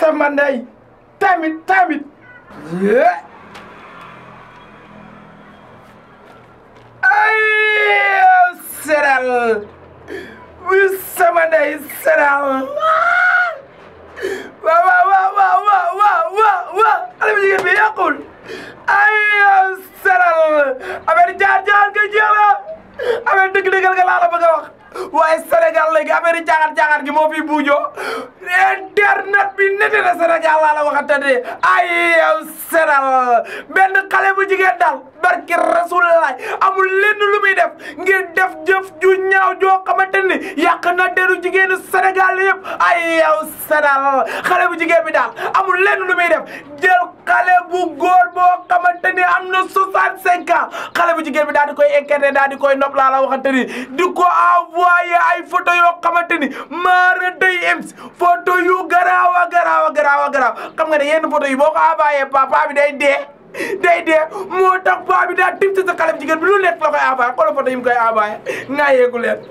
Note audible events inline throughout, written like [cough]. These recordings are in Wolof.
sama ndey tamit tamit eh. ay seral wi sama ndey bi yàqul ay seral affaire jaar jaar nga jeex la affaire dëgg-dëggal nga laa la bëgg a wax waaye Sénégal léegi affaire jaaxar jaaxar gi moo fi buujoo internet ne Sénégal yàlla la waxante ne ay yow Sénégal benn xale bu jigéen daal barki Rasulullah amul lenn lu muy def ngir def jëf ju ñaaw joo xamante ni yàq na deru jigéenu Sénégal yëpp ay yow Sénégal xale bu jigéen bi daal amul lenn lu muy def jël xale bu góor boo xamante xale bu jigéen bi daal di koy incarné daal di koy nopp laa la waxante ni di ko envoyé ay foto yoo xamante ni maara day ems photo yu garaaw a garaaw a garaaw a garaaw xam nga ne yenn photo yi boo ko envoyé papa bi day dee day dee moo tax paa bi daal dim ci sa xale bu jigéen lu nekk la koy envoyé xoolal photo yi mu koy envoyé ngaa yeegu leen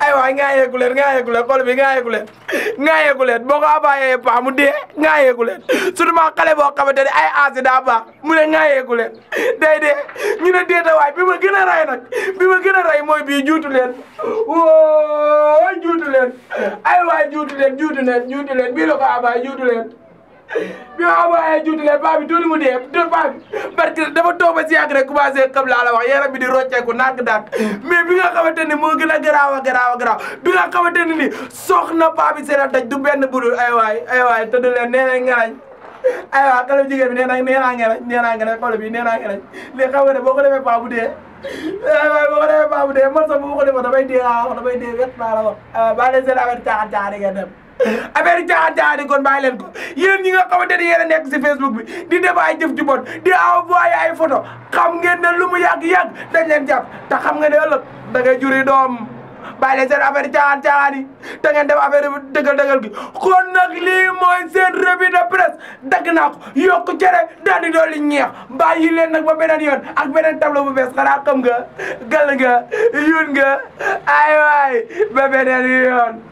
aywa ngaayeeku leen ngaayeeku leen xol bi ngaayeeku leen ngaayeeku leen boo ko abayee paa mu dee ngaayeeku leen surtout xale boo xamante ne ay aasi daa baax mu ne ngaayeeku leen day dee ñu ne déeta waay bi ma gën a rey nag bi ma gën a rey mooy bii juutu leen woo juutu leen ay waay juutu leen bii la ko abaay juutu bi ma envoyé juutulee paa bi tuuti mu dee tuuti paa bi parce que dafa toog ba si yàgg rek commencé xam laa la wax yaram bi di rocceeku nàkk-nàkk mais bi nga xamante ni moo gën a garaaw a garaaw a garaaw bi nga xamante ni ni soxna paa bi seen a daj du benn budul ay waay ay waay tëdd leen nee nañ ngelañ ay waay xale bu jigéen bi nee nañ nee bi nee naa ngelañ léegi boo ko defee paa dee ay waay boo ko bu dee man sax bu ma ko defoon damay dee laa wax damay dee wet maa la wax maa euh, leen seen affaire caaxaan caaxaan ngeen dem [laughs] affaire caaxaan caaxaan kon bàyyi leen ko yéen ñi nga xamante ni yéen a nekk si Facebook bi di def ay jëf ju bon di envoyé ay photo xam ngeen ne lu mu yàgg-yàgg dañ leen jàpp te xam nga ne ëllëg da ngay juri doom bàyyi leen seen affaire caaxaan caaxaan yi te ngeen def affaire dëggal dëggal gi kon nag lii mooy seen revue de presse dagg naa yokk cere daal di dooli ñeex bàyyi leen nag ba beneen yoon ak beneen tableau bu bees xanaa xam nga gàll nga yun nga ay waay ba beneen yoon